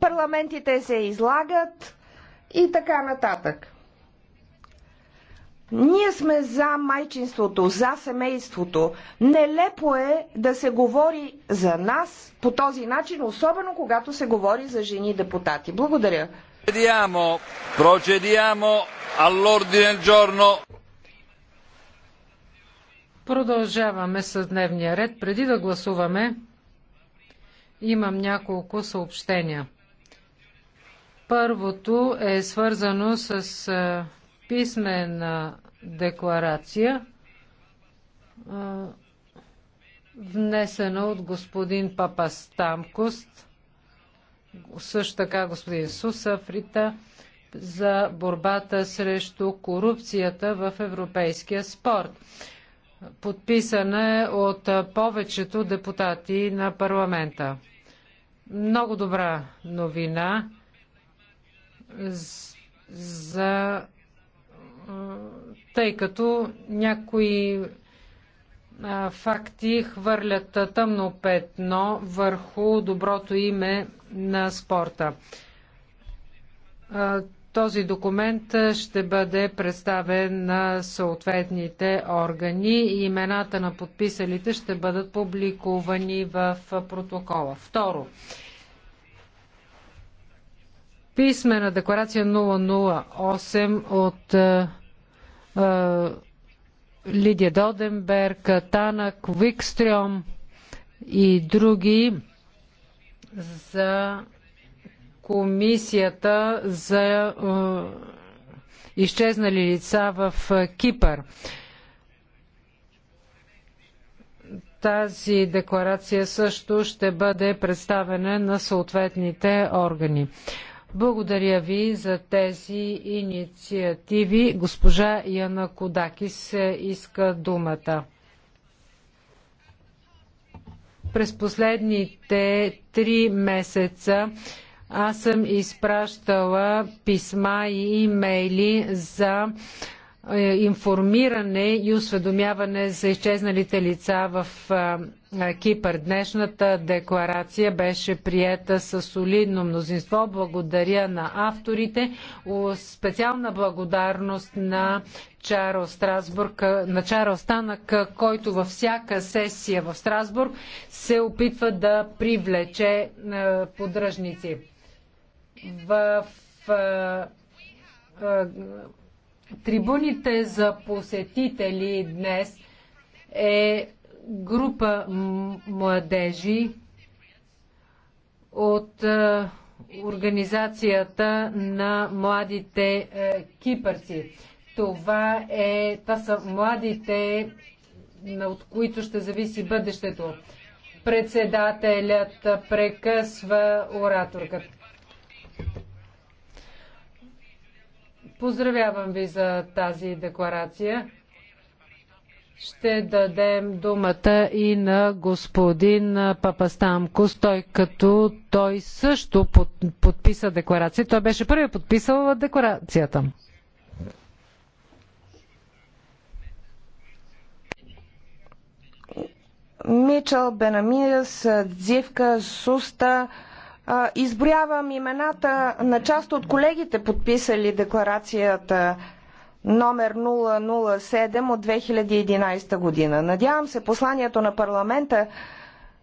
парламентите се излагат и така нататък. Ние сме за майчинството, за семейството. Нелепо е да се говори за нас по този начин, особено когато се говори за жени депутати. Благодаря. Procediamo, procediamo all'ordine del giorno. Продължаваме с дневния ред. Преди да гласуваме, Имам няколко съобщения. Първото е свързано с писмена декларация, внесена от господин Папа Стамкост, също така господин Сусафрита, за борбата срещу корупцията в европейския спорт. Подписана е от повечето депутати на парламента много добра новина за тъй като някои факти хвърлят тъмно петно върху доброто име на спорта. Този документ ще бъде представен на съответните органи и имената на подписалите ще бъдат публикувани в протокола. Второ, писмена декларация 008 от е, Лидия Доденберг, Танак, Викстрем и други за комисията за е, изчезнали лица в е, Кипър. Тази декларация също ще бъде представена на съответните органи. Благодаря ви за тези инициативи. Госпожа Яна Кодакис е, иска думата. През последните три месеца аз съм изпращала писма и имейли за е, информиране и осведомяване за изчезналите лица в Кипър. Днешната декларация беше приета с солидно мнозинство. Благодаря на авторите. Специална благодарност на Чарл Страсбург, на Чарл Станък, който във всяка сесия в Страсбург се опитва да привлече е, подръжници в трибуните за посетители днес е група младежи от Организацията на младите кипърци. Това, е, това са младите, от които ще зависи бъдещето. Председателят прекъсва ораторката. Поздравявам ви за тази декларация. Ще дадем думата и на господин Папастамкос, той като той също под, подписа декларация. Той беше първият подписал декларацията. Мичел, Бенамирас, Дзивка, Суста, изброявам имената на част от колегите, подписали декларацията номер 007 от 2011 година. Надявам се посланието на парламента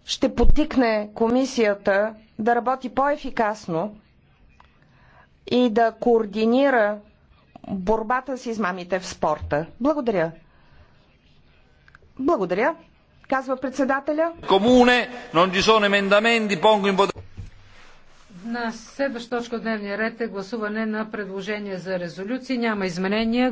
ще потикне комисията да работи по-ефикасно и да координира борбата с измамите в спорта. Благодаря. Благодаря. Казва председателя. Комуне, non ci sono emendamenti, pongo in на следваща точка от дневния ред е гласуване на предложение за резолюции. Няма изменения.